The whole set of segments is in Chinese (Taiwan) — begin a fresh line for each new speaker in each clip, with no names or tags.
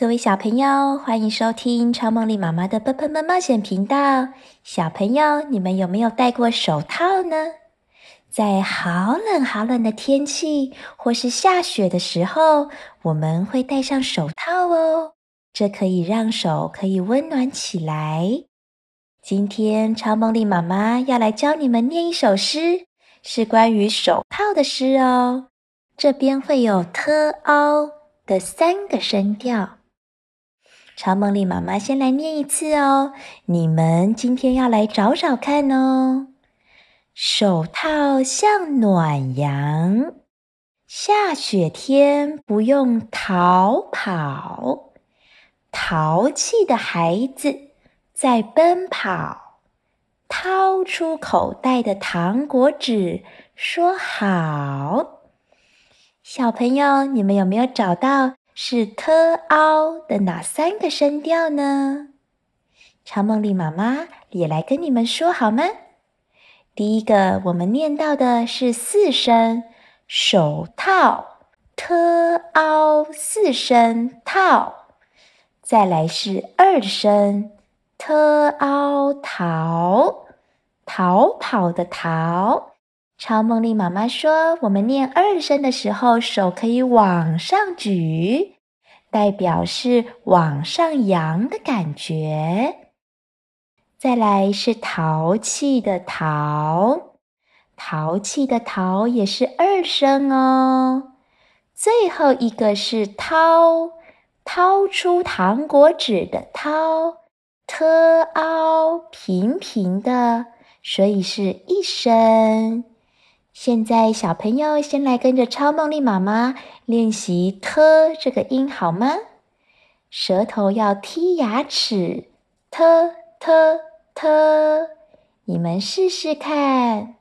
各位小朋友，歡迎收聽超夢莉媽媽的“砰砰砰”冒險頻道。小朋友，你們有沒有戴過手套呢？在好冷好冷的天氣，或是下雪的時候，我們會戴上手套哦。這可以讓手可以溫暖起來。今天超夢莉媽媽要來教你們唸一首詩，是關於手套的詩哦。這邊會有 “ㄊㄠ” 的三個聲調。超夢莉媽媽先來念一次哦，你們今天要來找找看哦。手套像暖陽，下雪天不用逃跑。淘氣的孩子在奔跑，掏出口袋的糖果紙，說好。小朋友，你們有沒有找到？是 t a o 的哪三個聲調呢？超夢莉媽媽也來跟你們說好嗎？第一個，我們念到的是四聲手套 t a o 四聲套，再來是二聲 t a o 逃，逃跑的逃。超夢莉媽媽說：“我們念二聲的時候，手可以往上舉，代表是往上揚的感覺。再來是淘氣的淘，淘氣的淘也是二聲哦。最後一個是掏，掏出糖果紙的掏，ㄊㄠ，平平的，所以是一聲。”現在，小朋友先來跟着超夢莉媽媽練習 “t” 這個音，好嗎？舌頭要踢牙齒，t t t，你們試試看。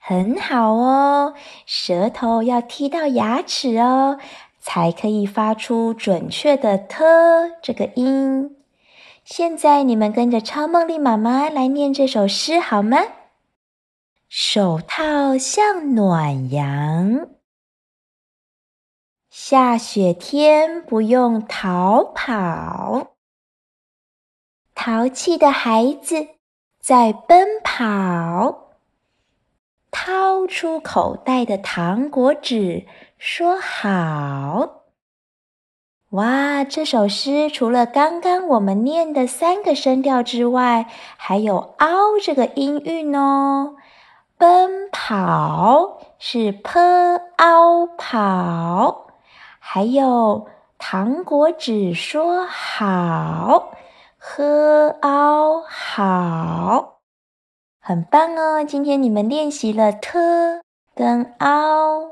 很好哦，舌頭要踢到牙齒哦，才可以發出準確的 “t” 這個音。現在，你們跟着超夢莉媽媽來念這首詩，好嗎？手套像暖陽，下雪天不用逃跑。淘氣的孩子在奔跑，掏出口袋的糖果紙，說好。哇，這首詩除了剛剛我們念的三個聲調之外，還有“嗷”這個音韻哦。奔跑是 ㄆ ㄠ 跑，還有糖果紙說好 ㄏ ㄠ 好，很棒哦！今天你們練習了 ㄊ 跟 ㄠ，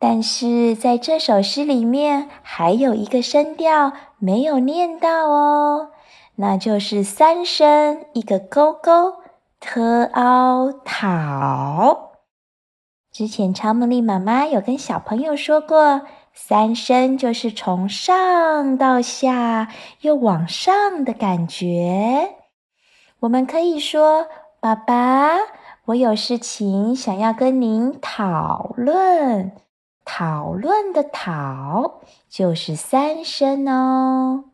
但是在這首詩裡面還有一個聲調沒有念到哦，那就是三聲一個勾勾。t a o 討，之前超夢莉媽媽有跟小朋友說過，三聲就是從上到下又往上的感覺。我們可以說：“爸爸，我有事情想要跟您討論，討論的討就是三聲哦。”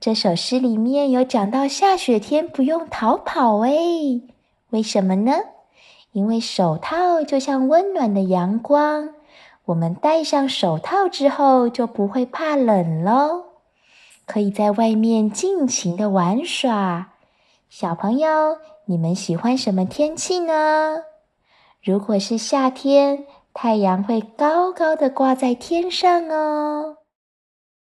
這首詩裡面有講到，下雪天不用逃跑誒、哎，為什麼呢？因為手套就像溫暖的陽光，我們戴上手套之後就不會怕冷嘍，可以在外面盡情地玩耍。小朋友，你們喜歡什麼天氣呢？如果是夏天，太陽會高高地掛在天上哦。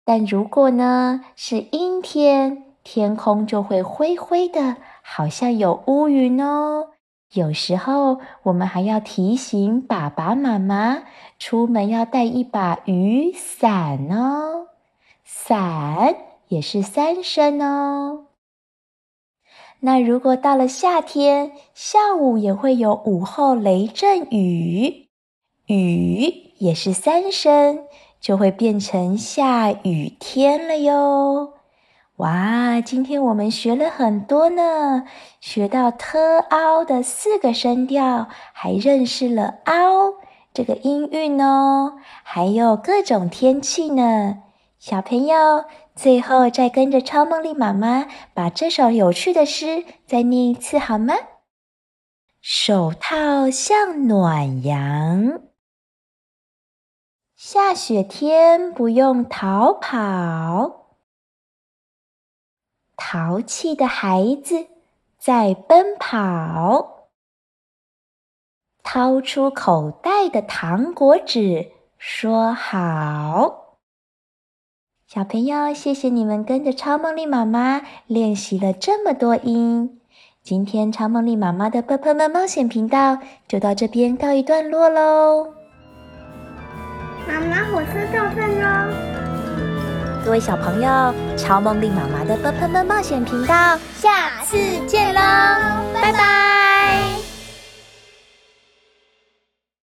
但如果呢，是陰天，天空就會灰灰的，好像有烏雲哦。有時候，我們還要提醒爸爸媽媽，出門要帶一把雨傘哦。傘也是三聲哦。那如果到了夏天，下午也會有午後雷陣雨，雨也是三聲。就會變成下雨天了喲！哇，今天我們學了很多呢，學到 “t ao” 的四個聲調，還認識了 “ao” 這個音韻哦，還有各種天氣呢。小朋友，最後再跟着超夢莉媽媽把這首有趣的詩再念一次好嗎？手套像暖陽。下雪天不用逃跑，淘氣的孩子在奔跑，掏出口袋的糖果紙，說好。小朋友，謝謝你們跟着超夢莉媽媽練習了這麼多音。今天超夢莉媽媽的“泡泡夢冒險”頻道就到這邊告一段落嘍。媽媽火車到站嘍！各位小朋友，超夢莉媽媽的奔奔奔冒險頻道，下次見嘍！拜拜。拜拜拜拜。